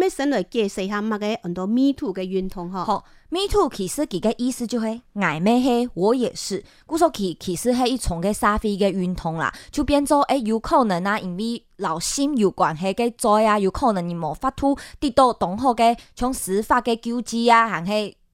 要先來解釋下物個很多 Me too 的運動吼。迷、哦、途、哦、其實佮個意思就係、是，哎咪嘿，我也是，故說其其實係一種嘅社會的運動啦，就變做誒、欸、有可能啊，因為勞心有關係嘅做啊，有可能因無法度跌到同好嘅從司法嘅救濟啊，還係、那個。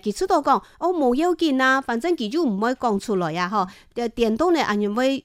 其實都講我冇要緊啊，反正佢就唔會講出來呀，嗬？電動咧，我認為。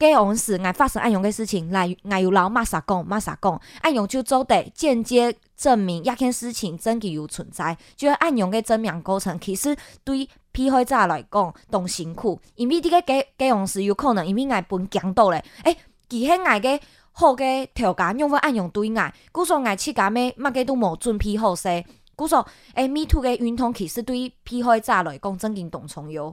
假往時愛發生安陽誒事情，愛愛有老馬啥講馬啥講，安用就做地間接證明亞天事情真嘅有存在，就安陽誒證明過程其實對批貨者來講同辛苦，因為啲個假假往時有可能因為愛分強度咧，誒、欸，其實愛嘅好嘅條件用法安陽對愛，故說愛去加咩馬嘅都無準批好勢，故說誒，米兔誒運動其實對批貨者來講真嘅同重要。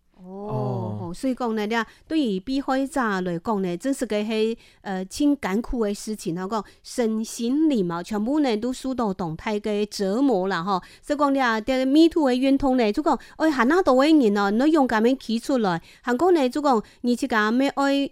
所以講咧，對於被害者來講咧，真是個係，呃，真艱苦誒事情。好講，身心靈啊，全部呢都受到動態誒折磨啦，吼。所以講咧，啲 Me too 嘅冤痛咧，就講，哎，咸阿多嘅人哦、啊，你勇敢咪起出來，韓國咧，就講，伊且甲要愛。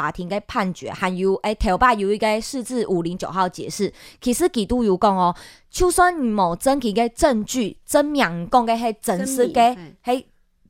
法庭的判決還有，誒條目有一個四至五零九號解釋，其實其都有講哦，就算冇真，佢嘅證據證明講的係真實嘅，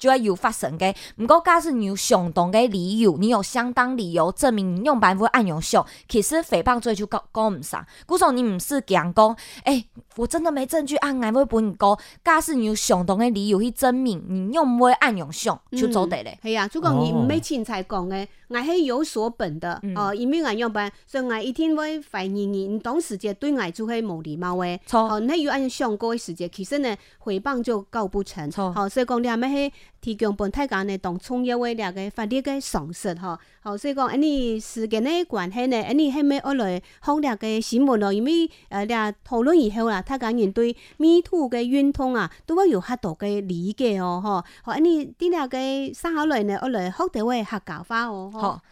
就要有發生的。唔過假使你有相當嘅理由，你有相當理由證明你用辦法按用上，其實誹謗罪就告告唔上。古嫂你唔是講講，哎、欸，我真的沒證據，我嗌會幫你講。假使你有相當嘅理由去證明你用唔會按用上，就做得咧、嗯。是啊，只講你唔係凊彩講嘅，我係有所本的。哦、啊，因為係按用辦，所以我一定會懷疑你。你當時就對我做開冇禮貌嘅。錯，你、啊、有按用上嗰個時間，其實呢誹謗就告不成。錯，好、啊，所以講你係咩？提供本太家呢，當創業位倆個法律嘅常識吼好，所以講，安尼時間呢關係呢，安尼係個我來學倆個新聞咯？因為呃倆討論以後啦，太家人對 MeToo 嘅運動啊，都會有較大個理解哦，吼、哦嗯嗯哦，好，安尼啲倆個思考內呢，我來學點位客家話哦，哈。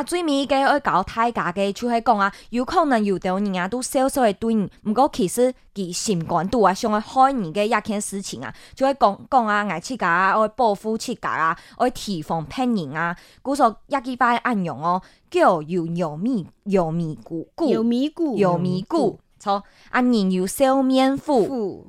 啊、最尾嘅愛搞太假嘅，就係講啊，有可能有啲人啊都銷售嘅店，唔過其實其監管度啊，上開年嘅一些事情啊，就係講講啊，挨欺假啊，愛報復欺假啊，愛提防騙人啊，故所一句話暗用哦、啊，叫要有搖尾牯有搖尾牯，有搖尾牯，有搖尾牯，錯暗人有笑面虎。